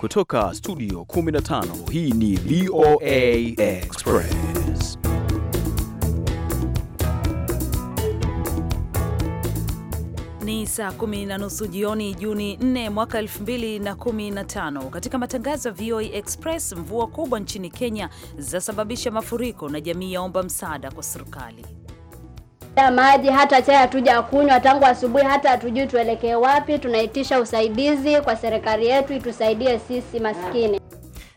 Kutoka studio 15 hii ni VOA Express. Ni saa kumi na nusu jioni Juni 4 mwaka 2015. Katika matangazo ya VOA Express, mvua kubwa nchini Kenya zasababisha mafuriko na jamii yaomba msaada kwa serikali ya maji hata chai hatuja kunywa tangu asubuhi, hata hatujui tuelekee wapi. Tunaitisha usaidizi kwa serikali yetu itusaidie sisi maskini.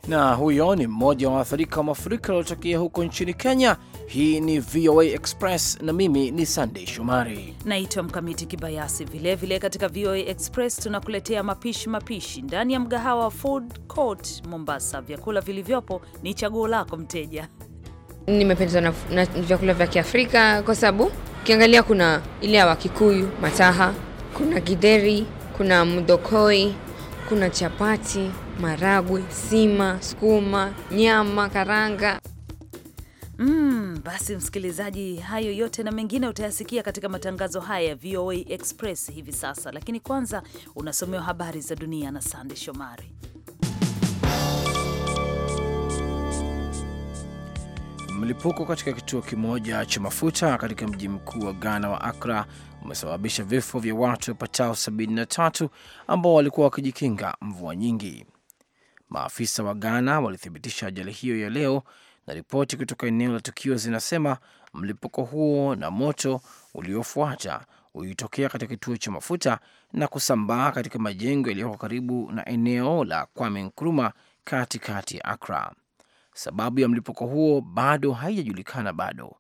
Na huyo ni mmoja wa waathirika wa mafuriko yaliyotokea huko nchini Kenya. Hii ni VOA Express na mimi ni Sandey Shomari, naitwa Mkamiti Kibayasi. Vilevile vile katika VOA Express tunakuletea mapishi mapishi ndani ya mgahawa wa Food Court Mombasa. Vyakula vilivyopo ni chaguo lako, mteja. Nimependezwa na vyakula vya Kiafrika kwa sababu Ukiangalia kuna ile ya Wakikuyu, mataha, kuna gideri kuna mdokoi kuna chapati, maragwe, sima, sukuma, nyama, karanga. Mm, basi msikilizaji, hayo yote na mengine utayasikia katika matangazo haya ya VOA Express hivi sasa, lakini kwanza unasomewa habari za dunia na Sande Shomari. Mlipuko katika kituo kimoja cha mafuta katika mji mkuu wa Ghana wa akra umesababisha vifo vya watu wapatao 73 ambao walikuwa wakijikinga mvua nyingi. Maafisa wa Ghana walithibitisha ajali hiyo ya leo, na ripoti kutoka eneo la tukio zinasema mlipuko huo na moto uliofuata ulitokea katika kituo cha mafuta na kusambaa katika majengo yaliyoko karibu na eneo la Kwame Nkrumah katikati ya Akra. Sababu ya mlipuko huo bado haijajulikana bado.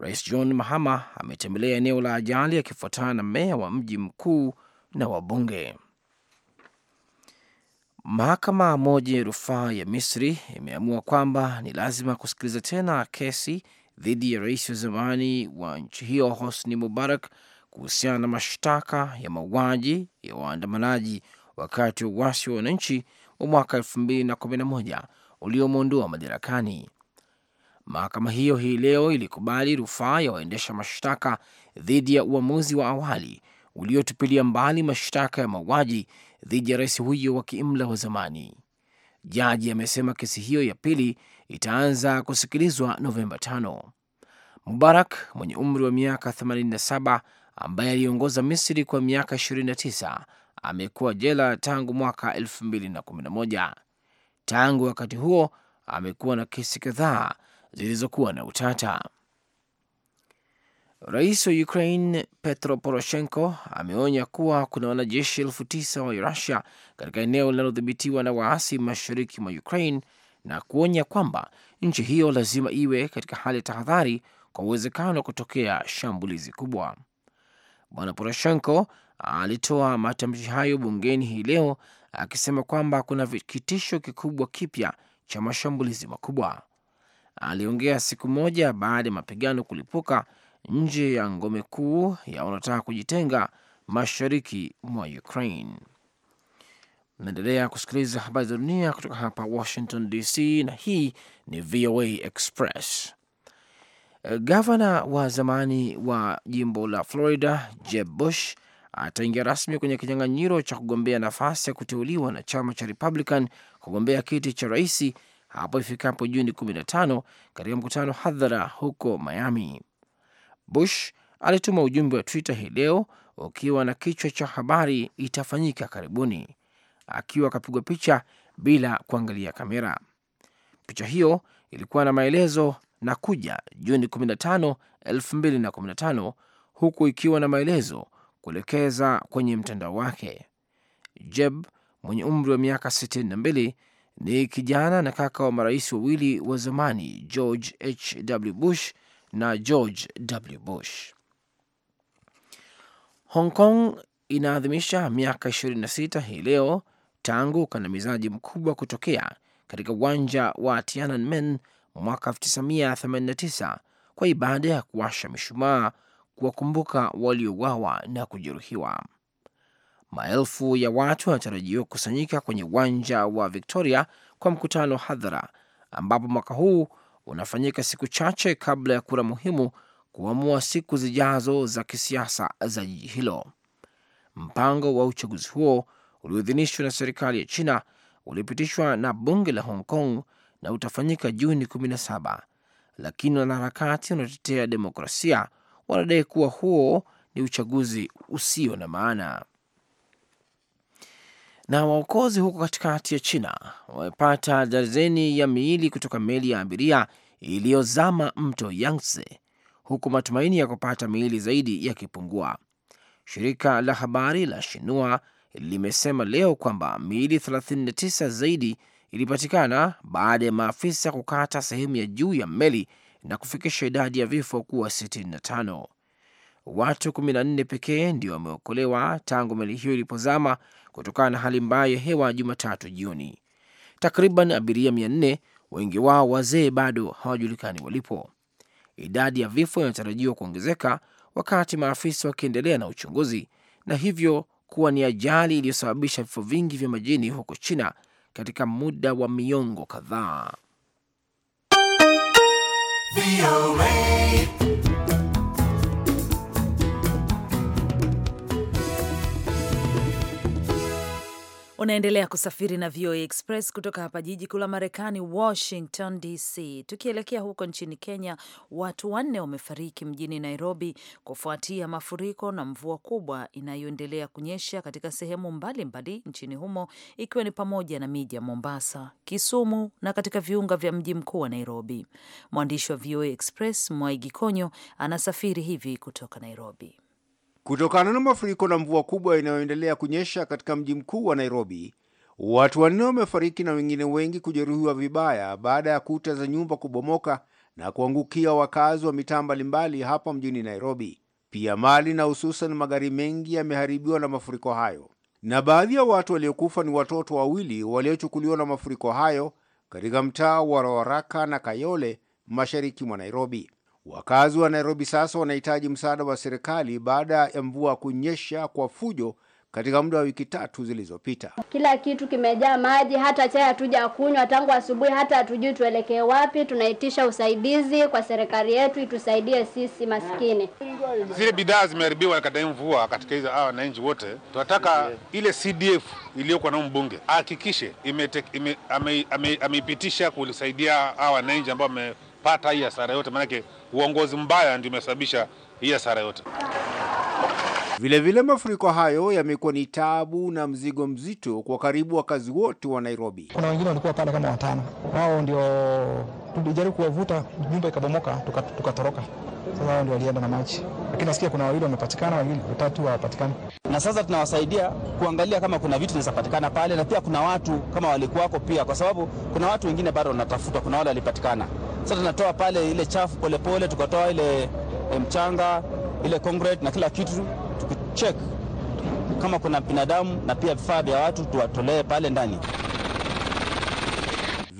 Rais John Mahama ametembelea eneo la ajali akifuatana na meya wa mji mkuu na wabunge. Mahakama moja ya rufaa ya Misri imeamua kwamba ni lazima kusikiliza tena kesi dhidi ya rais wa zamani wa nchi hiyo Hosni Mubarak kuhusiana na mashtaka ya mauaji ya waandamanaji wakati wa uasi wa wananchi wa mwaka elfu mbili na kumi na moja uliomwondoa madarakani. Mahakama hiyo hii leo ilikubali rufaa ya waendesha mashtaka dhidi ya uamuzi wa awali uliotupilia mbali mashtaka ya mauaji dhidi ya rais huyo wa kiimla wa zamani. Jaji amesema kesi hiyo ya pili itaanza kusikilizwa Novemba tano. Mubarak mwenye umri wa miaka 87 ambaye aliongoza Misri kwa miaka 29 amekuwa jela tangu mwaka 2011. Tangu wakati huo amekuwa na kesi kadhaa zilizokuwa na utata. Rais wa Ukraine Petro Poroshenko ameonya kuwa kuna wanajeshi elfu tisa wa Rusia katika eneo linalodhibitiwa na waasi mashariki mwa Ukraine na kuonya kwamba nchi hiyo lazima iwe katika hali ya tahadhari kwa uwezekano wa kutokea shambulizi kubwa. Bwana Poroshenko alitoa matamshi hayo bungeni hii leo akisema kwamba kuna kitisho kikubwa kipya cha mashambulizi makubwa. Aliongea siku moja baada ya mapigano kulipuka nje ya ngome kuu ya wanaotaka kujitenga mashariki mwa Ukraine. Naendelea kusikiliza habari za dunia kutoka hapa Washington DC, na hii ni VOA Express. Gavana wa zamani wa jimbo la Florida Jeb Bush ataingia rasmi kwenye kinyang'anyiro cha kugombea nafasi ya kuteuliwa na chama cha Republican kugombea kiti cha rais hapo ifikapo Juni 15 katika mkutano hadhara huko Miami. Bush alituma ujumbe wa Twitter hii leo ukiwa na kichwa cha habari itafanyika karibuni, akiwa akapigwa picha bila kuangalia kamera. Picha hiyo ilikuwa na maelezo na kuja Juni 15, 2015 huku ikiwa na maelezo kuelekeza kwenye mtandao wake. Jeb mwenye umri wa miaka 62 ni kijana na kaka wa marais wawili wa zamani George hw Bush na George W Bush. Hong Kong inaadhimisha miaka 26 hii leo tangu ukandamizaji mkubwa kutokea katika uwanja wa Tiananmen mwaka 1989 kwa ibada ya kuwasha mishumaa kuwakumbuka waliouawa na kujeruhiwa. Maelfu ya watu wanatarajiwa kukusanyika kwenye uwanja wa Victoria kwa mkutano hadhara, ambapo mwaka huu unafanyika siku chache kabla ya kura muhimu kuamua siku zijazo za kisiasa za jiji hilo. Mpango wa uchaguzi huo ulioidhinishwa na serikali ya China ulipitishwa na bunge la Hong Kong na utafanyika Juni 17, lakini wanaharakati wanaotetea demokrasia wanadai kuwa huo ni uchaguzi usio na maana. Na waokozi huko katikati ya China wamepata darzeni ya miili kutoka meli ya abiria iliyozama mto Yangtze, huku matumaini ya kupata miili zaidi yakipungua. Shirika la habari la Shinua limesema leo kwamba miili 39 zaidi ilipatikana baada ya maafisa kukata sehemu ya juu ya meli na kufikisha idadi ya vifo kuwa 65. Watu 14 pekee ndio wameokolewa tangu meli hiyo ilipozama kutokana na hali mbaya ya hewa Jumatatu jioni. Takriban abiria 400, wengi wao wazee, bado hawajulikani walipo. Idadi ya vifo inatarajiwa kuongezeka wakati maafisa wakiendelea na uchunguzi, na hivyo kuwa ni ajali iliyosababisha vifo vingi vya majini huko China katika muda wa miongo kadhaa. VOA. Unaendelea kusafiri na VOA Express kutoka hapa jiji kuu la Marekani, Washington DC. Tukielekea huko nchini Kenya, watu wanne wamefariki mjini Nairobi kufuatia mafuriko na mvua kubwa inayoendelea kunyesha katika sehemu mbalimbali mbali nchini humo, ikiwa ni pamoja na miji ya Mombasa, Kisumu na katika viunga vya mji mkuu wa Nairobi. Mwandishi wa VOA Express mwaigi konyo anasafiri hivi kutoka Nairobi. Kutokana na mafuriko na mvua kubwa inayoendelea kunyesha katika mji mkuu wa Nairobi, watu wanne wamefariki na wengine wengi kujeruhiwa vibaya baada ya kuta za nyumba kubomoka na kuangukia wakazi wa mitaa mbalimbali hapa mjini Nairobi. Pia mali na hususan magari mengi yameharibiwa na mafuriko hayo, na baadhi ya watu waliokufa ni watoto wawili waliochukuliwa na mafuriko hayo katika mtaa wa Rawaraka na Kayole, mashariki mwa Nairobi. Wakazi wa Nairobi sasa wanahitaji msaada wa serikali baada ya mvua kunyesha kwa fujo katika muda wa wiki tatu zilizopita. Kila kitu kimejaa maji, hata chai hatuja kunywa tangu asubuhi, hata hatujui tuelekee wapi. Tunaitisha usaidizi kwa serikali yetu itusaidie sisi maskini. Zile bidhaa zimeharibiwa katika mvua, katika hizo hawa wananchi wote tunataka ile CDF iliyokuwa nao mbunge ahakikishe ameipitisha ame, ame, ame kusaidia hawa wananchi ambao kupata hii hasara yote, maanake uongozi mbaya ndio umesababisha hii hasara yote. Vilevile, mafuriko hayo yamekuwa ni tabu na mzigo mzito kwa karibu wakazi wote wa Nairobi. Kuna wengine walikuwa pale kama watano, wao ndio tulijaribu kuwavuta, nyumba ikabomoka, tukatoroka. Sasa wao ndio walienda na maji, lakini nasikia kuna wawili wamepatikana, wawili watatu hawapatikani, na sasa tunawasaidia kuangalia kama kuna vitu vinaweza patikana pale, na pia kuna watu kama walikuwako pia, kwa sababu kuna watu wengine bado wanatafuta, kuna wale walipatikana. Sasa tunatoa pale ile chafu polepole, tukatoa ile eh, mchanga ile concrete na kila kitu, tukicheck kama kuna binadamu na pia vifaa vya watu tuwatolee pale ndani.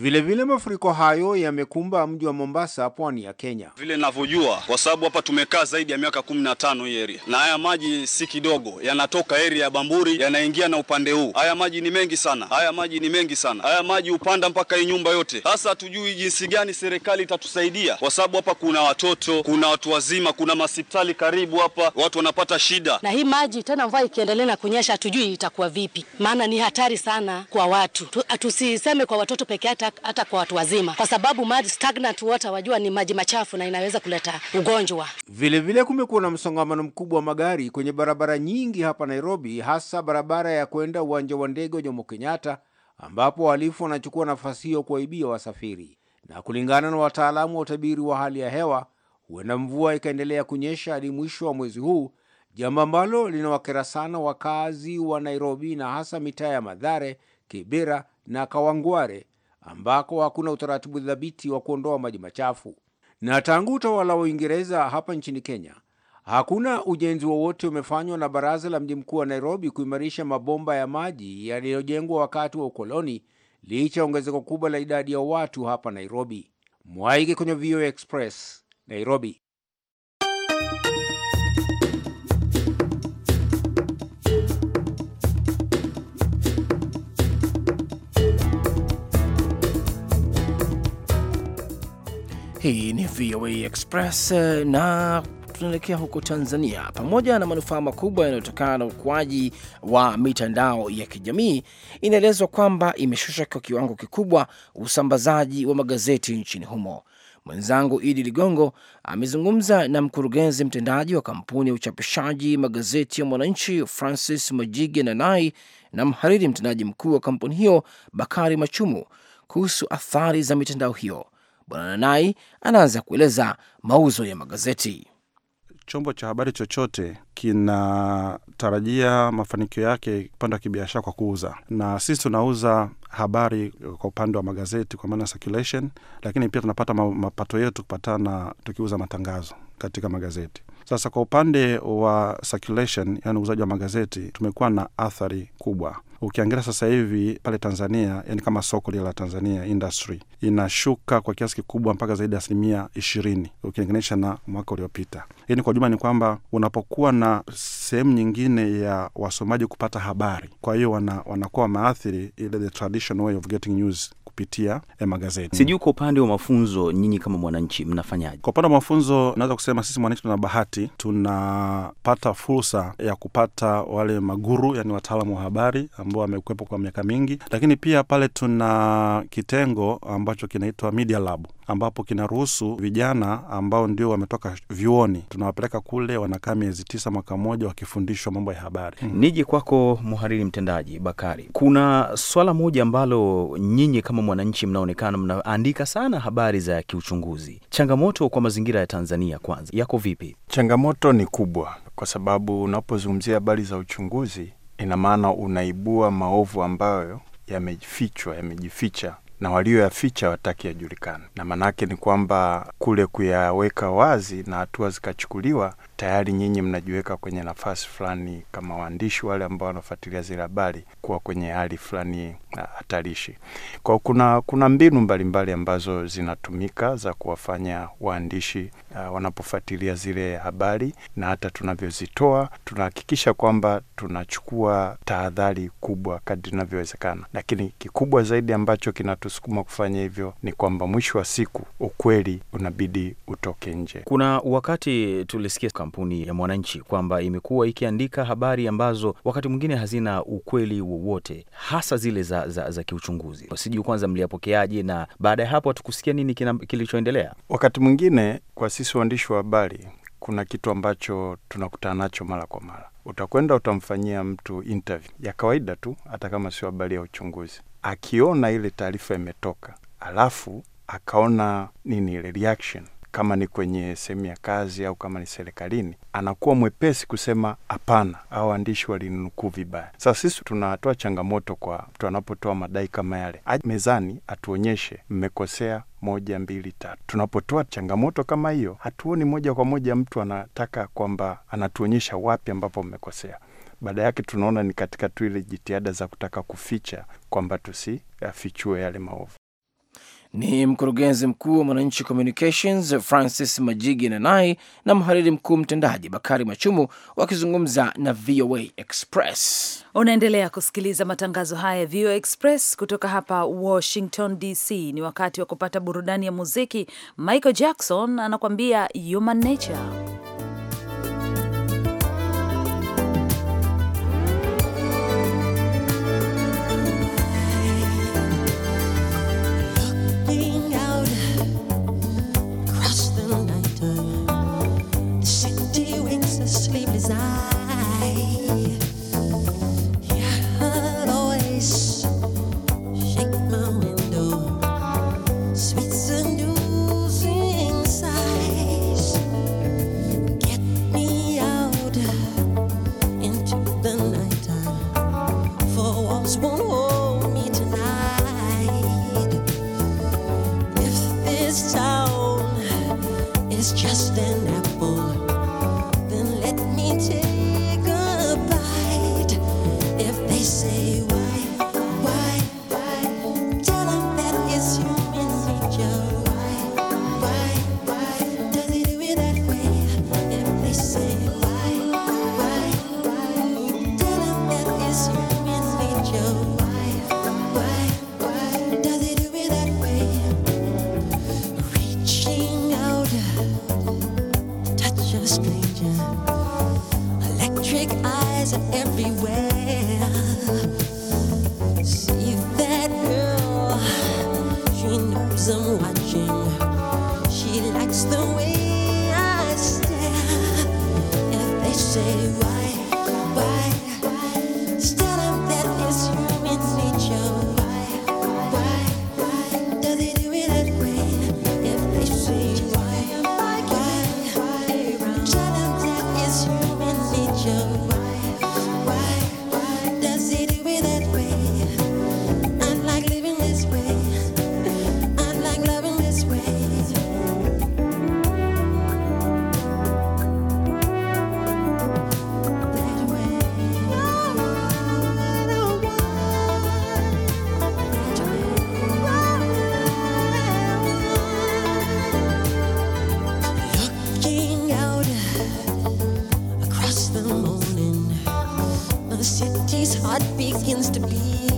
Vilevile mafuriko hayo yamekumba mji wa Mombasa, pwani ya Kenya. Vile ninavyojua, kwa sababu hapa tumekaa zaidi ya miaka kumi na tano hii area, na haya maji si kidogo, yanatoka area ya Bamburi yanaingia na upande huu. Haya maji ni mengi sana, haya maji ni mengi sana, haya maji hupanda mpaka hii nyumba yote. Sasa hatujui jinsi gani serikali itatusaidia, kwa sababu hapa kuna watoto, kuna watu wazima, kuna masipitali karibu hapa, watu wanapata shida na hii maji. Tena mvua ikiendelea na kunyesha, hatujui itakuwa vipi, maana ni hatari sana kwa watu. Tusiseme kwa watoto peke hata, hata kwa watu wazima, kwa sababu maji stagnant water wajua ni maji machafu na inaweza kuleta ugonjwa. Vilevile kumekuwa na msongamano mkubwa wa magari kwenye barabara nyingi hapa Nairobi, hasa barabara ya kwenda uwanja wa ndege wa Jomo Kenyatta, ambapo wahalifu wanachukua nafasi hiyo kuwaibia wasafiri. Na kulingana na wataalamu wa utabiri wa hali ya hewa, huenda mvua ikaendelea kunyesha hadi mwisho wa mwezi huu, jambo ambalo linawakera sana wakazi wa Nairobi na hasa mitaa ya Madhare, Kibera na Kawangware ambako hakuna utaratibu dhabiti wa kuondoa maji machafu. Na tangu utawala wa Uingereza hapa nchini Kenya, hakuna ujenzi wowote umefanywa na baraza la mji mkuu wa Nairobi kuimarisha mabomba ya maji yaliyojengwa wakati wa ukoloni, licha ya ongezeko kubwa la idadi ya watu hapa Nairobi. Mwaige kwenye VOA Express, Nairobi. Hii ni VOA Express eh, na tunaelekea huko Tanzania. Pamoja na manufaa makubwa yanayotokana na ukuaji wa mitandao ya kijamii, inaelezwa kwamba imeshusha kwa kiwango kikubwa usambazaji wa magazeti nchini humo. Mwenzangu Idi Ligongo amezungumza na mkurugenzi mtendaji wa kampuni ya uchapishaji magazeti ya Mwananchi Francis Majige Nanai na mhariri mtendaji mkuu wa kampuni hiyo Bakari Machumu kuhusu athari za mitandao hiyo. Bwana Nai anaanza kueleza mauzo ya magazeti. Chombo cha habari chochote kinatarajia mafanikio yake upande wa kibiashara kwa kuuza, na sisi tunauza habari kwa upande wa magazeti kwa maana circulation, lakini pia tunapata mapato yetu kupatana tukiuza matangazo katika magazeti. Sasa kwa upande wa circulation, yani uuzaji wa magazeti, tumekuwa na athari kubwa. Ukiangalia sasa hivi pale Tanzania, yani kama soko lile la Tanzania industry inashuka kwa kiasi kikubwa mpaka zaidi ya asilimia ishirini ukilinganisha na mwaka uliopita. Yani kwa jumla ni kwamba unapokuwa na sehemu nyingine ya wasomaji kupata habari, kwa hiyo wana, wanakuwa maathiri ile the traditional way of getting news kupitia e magazeti. Sijui kwa upande wa mafunzo, nyinyi kama mwananchi mnafanyaje? Kwa upande wa mafunzo, naweza kusema sisi mwananchi tuna bahati, tunapata fursa ya kupata wale maguru, yani wataalamu wa habari ambao wamekuwepo kwa miaka mingi, lakini pia pale tuna kitengo ambacho kinaitwa Media Lab ambapo kinaruhusu vijana ambao ndio wametoka vyuoni, tunawapeleka kule, wanakaa miezi tisa, mwaka mmoja, wakifundishwa mambo ya habari. Hmm. Nije kwako, mhariri mtendaji Bakari, kuna swala moja ambalo nyinyi kama Mwananchi mnaonekana mnaandika sana habari za kiuchunguzi. Changamoto kwa mazingira ya Tanzania kwanza yako vipi? Changamoto ni kubwa, kwa sababu unapozungumzia habari za uchunguzi, ina maana unaibua maovu ambayo yamefichwa, yamejificha na walioyaficha wataki yajulikana, na maanake ni kwamba kule kuyaweka wazi na hatua zikachukuliwa tayari nyinyi mnajiweka kwenye nafasi fulani kama waandishi wale ambao wanafuatilia zile habari kuwa kwenye hali fulani hatarishi. Kwa kuna, kuna mbinu mbalimbali mbali ambazo zinatumika za kuwafanya waandishi uh, wanapofuatilia zile habari na hata tunavyozitoa tunahakikisha kwamba tunachukua tahadhari kubwa kadri inavyowezekana, lakini kikubwa zaidi ambacho kinatusukuma kufanya hivyo ni kwamba mwisho wa siku ukweli unabidi utoke nje. Kuna wakati tulisikia kampuni ya Mwananchi kwamba imekuwa ikiandika habari ambazo wakati mwingine hazina ukweli wowote, hasa zile za, za, za kiuchunguzi. Sijui kwanza mliapokeaje, na baada ya hapo hatukusikia nini kilichoendelea. Wakati mwingine kwa sisi waandishi wa habari kuna kitu ambacho tunakutana nacho mara kwa mara. Utakwenda utamfanyia mtu interview ya kawaida tu, hata kama sio habari ya uchunguzi, akiona ile taarifa imetoka, alafu akaona nini ile reaction kama ni kwenye sehemu ya kazi au kama ni serikalini, anakuwa mwepesi kusema hapana, au waandishi walinukuu vibaya. Sasa sisi tunatoa changamoto kwa mtu anapotoa madai kama yale, aje mezani atuonyeshe mmekosea moja mbili tatu. Tunapotoa changamoto kama hiyo, hatuoni moja kwa moja mtu anataka kwamba anatuonyesha wapi ambapo mmekosea baada yake tunaona ni katika tu ile jitihada za kutaka kuficha kwamba tusiyafichue yale maovu ni mkurugenzi mkuu wa Mwananchi Communications Francis Majigi Nanai na mhariri mkuu mtendaji Bakari Machumu wakizungumza na VOA Express. Unaendelea kusikiliza matangazo haya ya VOA Express kutoka hapa Washington DC. Ni wakati wa kupata burudani ya muziki. Michael Jackson anakuambia Human Nature. inside past the morning. The city's heart begins to beat.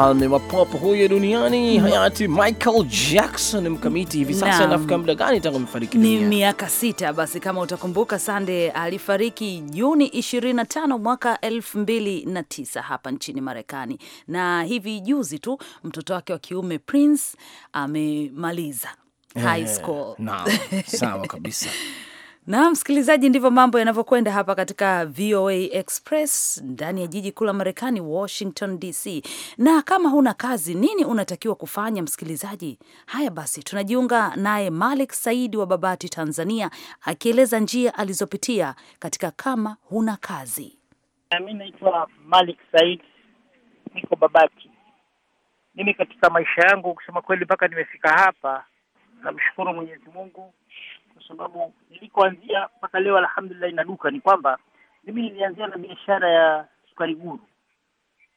mfalme wa pop huyo duniani mm. hayati Michael Jackson mkamiti hivi sasa nafika muda gani tangu amefariki dunia? Ni miaka sita. Basi kama utakumbuka, Sande alifariki Juni 25 mwaka 2009 hapa nchini Marekani, na hivi juzi tu mtoto wake wa kiume Prince amemaliza high eh, school. Sawa kabisa Na msikilizaji, ndivyo mambo yanavyokwenda hapa katika VOA Express ndani ya jiji kuu la Marekani, Washington DC. Na kama huna kazi, nini unatakiwa kufanya msikilizaji? Haya basi, tunajiunga naye Malik Saidi wa Babati, Tanzania, akieleza njia alizopitia katika kama huna kazi. Mi naitwa Malik Said, niko Babati. Mimi katika maisha yangu kusema kweli, mpaka nimefika hapa, namshukuru Mwenyezi Mungu sababu nilikoanzia mpaka leo alhamdulillah inaduka, ni kwamba mimi nilianzia na biashara ya sukari guru.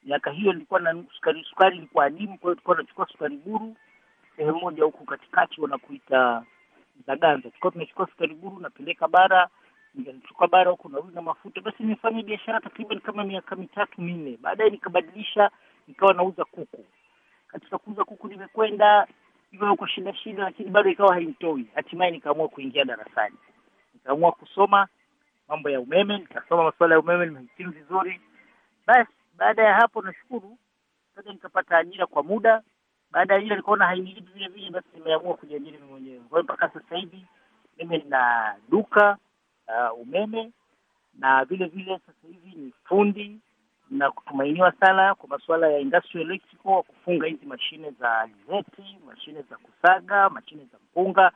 Miaka hiyo nilikuwa na sukari, sukari ilikuwa adimu, kwa hiyo tulikuwa tunachukua sukari guru sehemu moja huku katikati wanakuita zaganza tulikuwa tunachukua sukari guru napeleka bara, nikachukua bara huku nauza mafuta. Basi nimefanya biashara takriban kama miaka mitatu minne, baadaye nikabadilisha, nikawa nauza kuku. Katika kuuza kuku nimekwenda iwe kwa shida shida, lakini bado ikawa haimtoi. Hatimaye nikaamua kuingia darasani, nikaamua kusoma mambo ya umeme, nikasoma masuala ya umeme, nimehitimu vizuri. Basi baada ya hapo, nashukuru sasa nikapata ajira kwa muda. Baada ya ajira nikaona hainilipi vile vile, basi nimeamua kujiajiri mimi mwenyewe. Kwa hiyo mpaka sasa hivi mimi nina duka uh, umeme na vile vile sasa hivi ni fundi na kutumainiwa sana kwa masuala ya industrial electrical, kufunga hizi mashine za alizeti, mashine za kusaga, mashine za mpunga,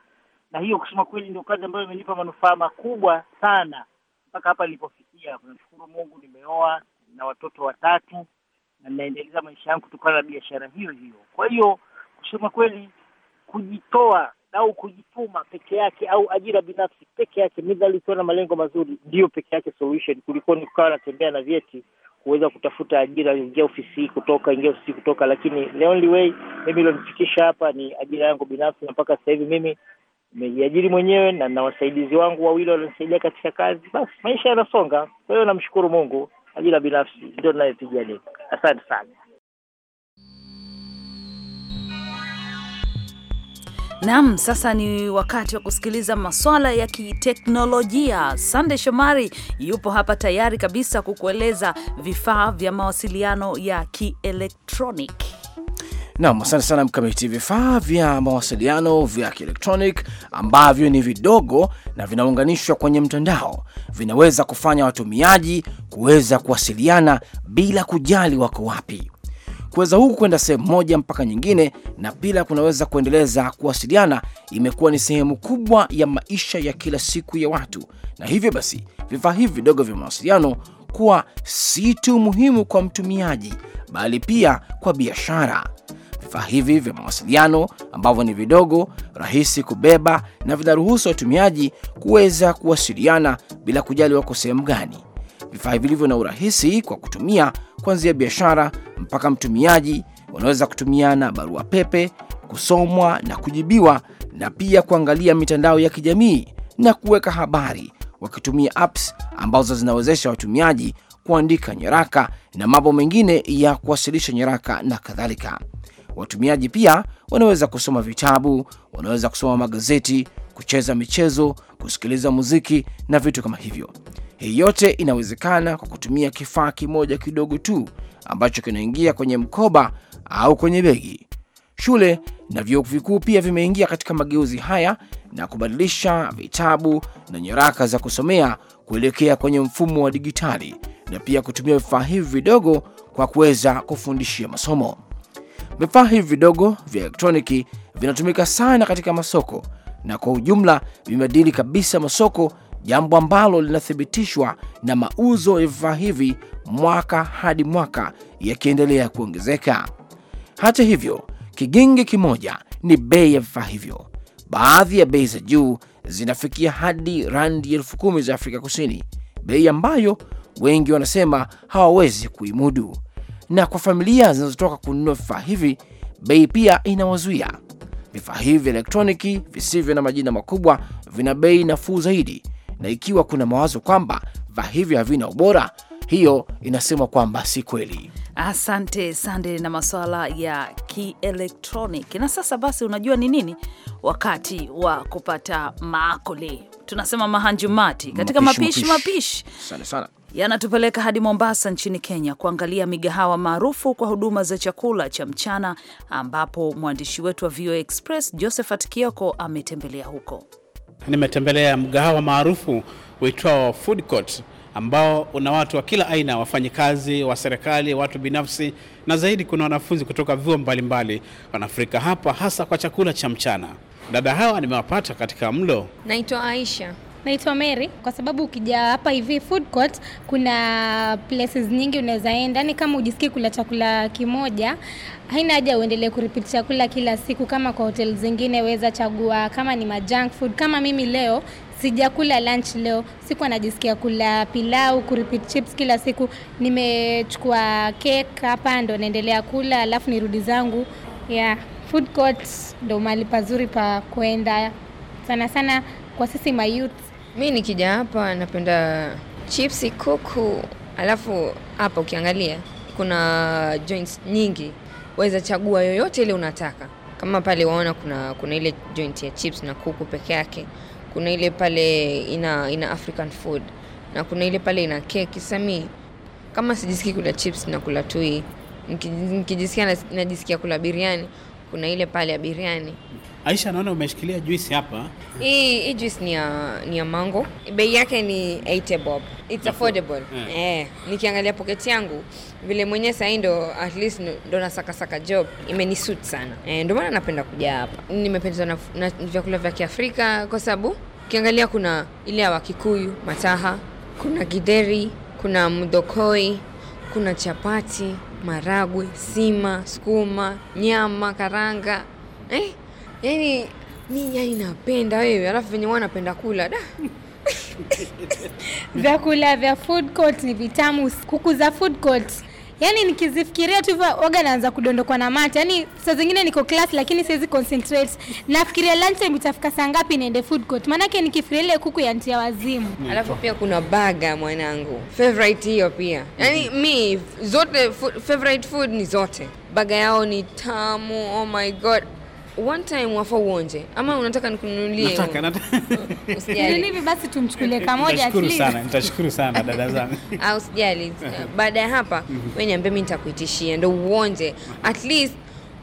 na hiyo kusema kweli ndio kazi ambayo imenipa manufaa makubwa sana mpaka hapa nilipofikia. Nashukuru Mungu, nimeoa na watoto watatu na ninaendeleza maisha yangu kutokana na biashara hiyo hiyo. Kwa hiyo kusema kweli, kujitoa au kujituma peke yake au ajira binafsi peke yake, midhali ikiwa na malengo mazuri, ndiyo peke yake solution kuliko ni kukawa natembea na vyeti kuweza kutafuta ajira, ingia ofisi hii kutoka, ingia ofisi hii kutoka, lakini the only way mimi ilionifikisha hapa ni ajira yangu binafsi, na mpaka sasa hivi mimi nimejiajiri mwenyewe na na wasaidizi wangu wawili walionisaidia katika kazi, basi maisha yanasonga. Kwa hiyo namshukuru Mungu, ajira binafsi ndio ninayopigania. Asante sana. Naam, sasa ni wakati wa kusikiliza maswala ya kiteknolojia. Sande Shomari yupo hapa tayari kabisa kukueleza vifaa vya mawasiliano ya kielektronik Nam, asante sana Mkamiti. Vifaa vya mawasiliano vya kielektronik ambavyo ni vidogo na vinaunganishwa kwenye mtandao vinaweza kufanya watumiaji kuweza kuwasiliana bila kujali wako wapi kuweza huku kwenda sehemu moja mpaka nyingine, na pila kunaweza kuendeleza kuwasiliana, imekuwa ni sehemu kubwa ya maisha ya kila siku ya watu, na hivyo basi vifaa hivi vidogo vya mawasiliano kuwa si tu muhimu kwa mtumiaji, bali pia kwa biashara. Vifaa hivi vya mawasiliano ambavyo ni vidogo, rahisi kubeba na vinaruhusu watumiaji kuweza kuwasiliana bila kujali wako sehemu gani. Vifaa vilivyo na urahisi kwa kutumia kuanzia biashara mpaka mtumiaji, wanaweza kutumiana barua pepe, kusomwa na kujibiwa, na pia kuangalia mitandao ya kijamii na kuweka habari wakitumia apps ambazo zinawezesha watumiaji kuandika nyaraka na mambo mengine ya kuwasilisha nyaraka na kadhalika. Watumiaji pia wanaweza kusoma vitabu, wanaweza kusoma magazeti, kucheza michezo, kusikiliza muziki na vitu kama hivyo. Hii yote inawezekana kwa kutumia kifaa kimoja kidogo tu ambacho kinaingia kwenye mkoba au kwenye begi. Shule na vyuo vikuu pia vimeingia katika mageuzi haya na kubadilisha vitabu na nyaraka za kusomea kuelekea kwenye mfumo wa digitali na pia kutumia vifaa hivi vidogo kwa kuweza kufundishia masomo. Vifaa hivi vidogo vya elektroniki vinatumika sana katika masoko na kwa ujumla vimebadili kabisa masoko jambo ambalo linathibitishwa na mauzo ya vifaa hivi mwaka hadi mwaka yakiendelea kuongezeka. Hata hivyo, kigingi kimoja ni bei ya vifaa hivyo. Baadhi ya bei za juu zinafikia hadi randi elfu kumi za Afrika Kusini, bei ambayo wengi wanasema hawawezi kuimudu. Na kwa familia zinazotoka kununua vifaa hivi, bei pia inawazuia. Vifaa hivi vya elektroniki visivyo na majina makubwa vina bei nafuu zaidi na ikiwa kuna mawazo kwamba vifaa hivyo havina ubora, hiyo inasema kwamba si kweli. Asante sande na masuala ya kielektroniki. Na sasa basi, unajua ni nini wakati wa kupata maakuli, tunasema mahanjumati katika mapishi. Mapishi sana sana yanatupeleka hadi Mombasa nchini Kenya kuangalia migahawa maarufu kwa huduma za chakula cha mchana, ambapo mwandishi wetu wa VOA Express Josephat Kioko ametembelea huko nimetembelea mgahawa maarufu uitwao Food Court ambao una watu wa kila aina, wafanyikazi wa serikali, watu binafsi, na zaidi kuna wanafunzi kutoka vyuo mbalimbali wanafurika hapa hasa kwa chakula cha mchana. Dada hawa nimewapata katika mlo. Naitwa Aisha. Naitwa Mary. Kwa sababu ukija hapa hivi food court, kuna places nyingi unaweza enda, yani kama ujisikii kula chakula kimoja, haina haja uendelee kurepeat chakula kila siku. Kama kwa hotel zingine, weza chagua kama ni majunk food. Kama mimi leo sijakula lunch leo, siku anajisikia kula pilau kurepeat chips kila siku. Nimechukua cake hapa, ndo naendelea kula alafu nirudi zangu. Yeah, food court ndo mahali pazuri pa kwenda sana sana kwa sisi mayouth. Mi nikija hapa napenda chipsi kuku, alafu hapa ukiangalia kuna joints nyingi, waweza chagua yoyote ile unataka. Kama pale waona kuna, kuna ile joint ya chips na kuku peke yake, kuna ile pale ina, ina African food na kuna ile pale ina keki. Sami kama sijisikii kula chips na kula tui, nikijisikia najisikia kula biriani, kuna ile pale ya biriani. Aisha, naona umeshikilia juisi hapa. Hii hii juice ni ya ni ya mango. Bei yake ni 80 bob. It's affordable. Yeah. Eh, nikiangalia pocket yangu vile mwenyewe sasa ndo at least ndo nasaka saka job imenisuit sana. Eh, ndio maana napenda kuja hapa. Nimependezwa na, na vyakula vya Kiafrika kwa sababu ukiangalia kuna ile ya Wakikuyu, mataha, kuna gideri, kuna mdokoi, kuna chapati, maragwe, sima, sukuma, nyama, karanga. Eh, yani mi yani napenda wewe, alafu venye wanapenda kula da vyakula vya food court ni vitamu, kuku za food court yani nikizifikiria tu hivyo waga naanza kudondokwa na mate. Yani saa zingine niko class, lakini siwezi concentrate, nafikiria lunch time itafika saa ngapi niende food court, maanake nikifikiria ile kuku ya ntia wazimu. Alafu pia kuna baga mwanangu, favorite hiyo pia yani mm. Mm-hmm. mi zote favorite food ni zote baga yao ni tamu, oh my god one time wafa uonje ama unataka nikununulie? Nataka, nataka. basi tumchukulie kamoja at Sana, nitashukuru sana dada zangu. Au ah, usijali. Baada ya hapa mhm. wewe niambie mimi nitakuitishia ndio uonje. At least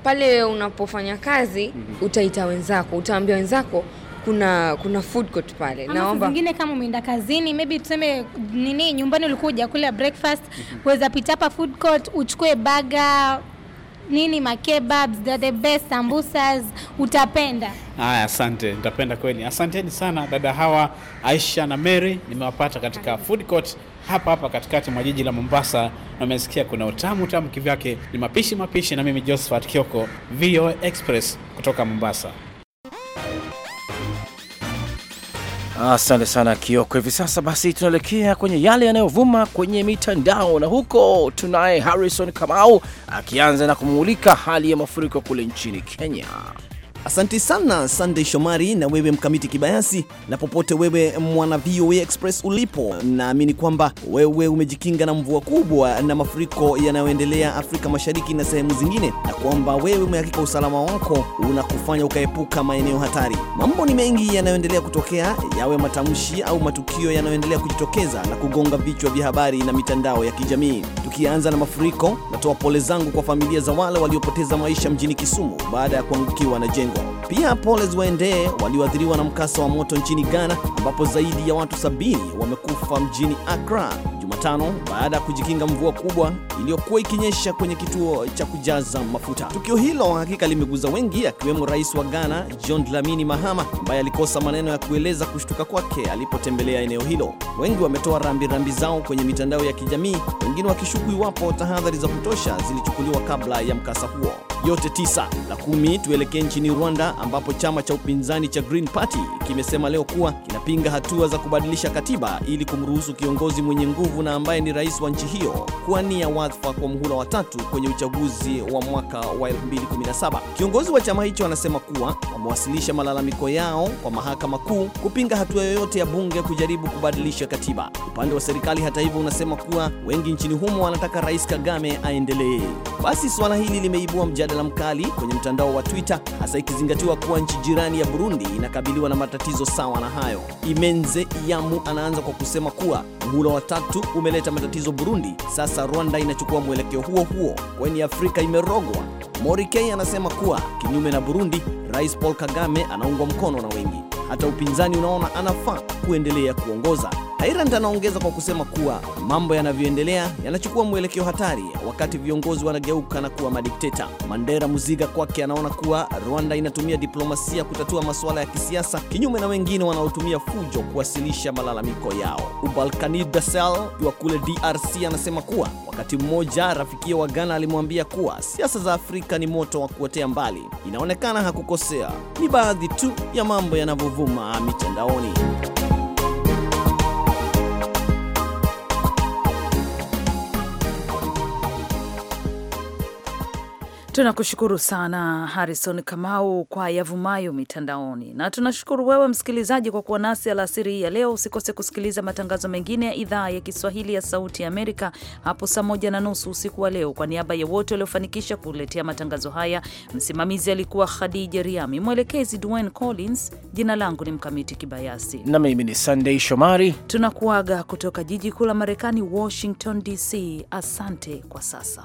pale unapofanya kazi mhm. utaita wenzako, utaambia wenzako kuna kuna food court pale. Ama naomba kama umeenda kazini maybe tuseme nini nyumbani ulikuwa hujakula breakfast, mhm. uweza weza pita hapa food court uchukue burger nini makebabs, the best sambusas, utapenda. Haya, asante, nitapenda kweli. Asanteni sana dada hawa Aisha na Mary, nimewapata katika food court hapa hapa katikati mwa jiji la Mombasa, na umesikia kuna utamu utamu kivyake. Ni mapishi mapishi, na mimi Josephat Kioko, VOA Express kutoka Mombasa. Asante sana Kioko. Hivi sasa basi, tunaelekea kwenye yale yanayovuma kwenye mitandao, na huko tunaye Harrison Kamau akianza na kumuulika hali ya mafuriko kule nchini Kenya. Asante sana Sunday Shomari na wewe Mkamiti Kibayasi, na popote wewe mwana VOA Express ulipo, naamini kwamba wewe umejikinga na mvua kubwa na mafuriko yanayoendelea Afrika Mashariki na sehemu zingine, na kwamba wewe umehakika usalama wako unakufanya ukaepuka maeneo hatari. Mambo ni mengi yanayoendelea kutokea, yawe matamshi au matukio yanayoendelea kujitokeza na kugonga vichwa vya habari na mitandao ya kijamii. Tukianza na mafuriko, natoa pole zangu kwa familia za wale waliopoteza maisha mjini Kisumu baada ya kuangukiwa na jengo pia pole ziwaendee walioathiriwa na mkasa wa moto nchini Ghana ambapo zaidi ya watu sabini wamekufa mjini Accra Jumatano baada ya kujikinga mvua kubwa iliyokuwa ikinyesha kwenye kituo cha kujaza mafuta. Tukio hilo hakika limeguza wengi, akiwemo rais wa Ghana John Dlamini Mahama ambaye alikosa maneno ya kueleza kushtuka kwake alipotembelea eneo hilo. Wengi wametoa rambirambi zao kwenye mitandao ya kijamii, wengine wakishuku iwapo tahadhari za kutosha zilichukuliwa kabla ya mkasa huo. Yote tisa la kumi, tuelekee nchini Rwanda ambapo chama cha upinzani cha Green Party kimesema leo kuwa kinapinga hatua za kubadilisha katiba ili kumruhusu kiongozi mwenye nguvu na ambaye ni rais wa nchi hiyo kuwania wadhifa kwa muhula wa tatu kwenye uchaguzi wa mwaka wa 2017. Kiongozi wa chama hicho anasema kuwa wamewasilisha malalamiko yao kwa mahakama kuu kupinga hatua yoyote ya bunge kujaribu kubadilisha katiba. Upande wa serikali, hata hivyo, unasema kuwa wengi nchini humo wanataka Rais Kagame aendelee. Basi suala hili limeibua mjadala mkali kwenye mtandao wa Twitter, hasa ikizingatiwa kuwa nchi jirani ya Burundi inakabiliwa na matatizo sawa na hayo. Imenze Iyamu anaanza kwa kusema kuwa muhula wa tatu umeleta matatizo Burundi, sasa Rwanda inachukua mwelekeo huo huo, kwani Afrika imerogwa. Mori K anasema kuwa kinyume na Burundi, Rais Paul Kagame anaungwa mkono na wengi hata upinzani unaona anafaa kuendelea kuongoza. Tyrant anaongeza kwa kusema kuwa mambo yanavyoendelea yanachukua mwelekeo hatari wakati viongozi wanageuka na kuwa madikteta. Mandera Muziga kwake anaona kuwa Rwanda inatumia diplomasia kutatua masuala ya kisiasa, kinyume na wengine wanaotumia fujo kuwasilisha malalamiko yao. Ubalkani Dasel wa kule DRC anasema kuwa wakati mmoja rafikia wa Ghana alimwambia kuwa siasa za Afrika ni moto wa kuotea mbali. Inaonekana hakukosea, ni baadhi tu ya mambo yanavyovu kuvuma mitandaoni. Tunakushukuru sana Harrison Kamau kwa yavumayo mitandaoni, na tunashukuru wewe msikilizaji kwa kuwa nasi alasiri hii ya leo. Usikose kusikiliza matangazo mengine ya idhaa ya Kiswahili ya Sauti ya Amerika hapo saa moja na nusu usiku wa leo. Kwa niaba ya wote waliofanikisha kuletea matangazo haya, msimamizi alikuwa Khadija Riami, mwelekezi Dwayne Collins, jina langu ni Mkamiti Kibayasi na mimi ni Sandei Shomari. Tunakuaga kutoka jiji kuu la Marekani, Washington DC. Asante kwa sasa.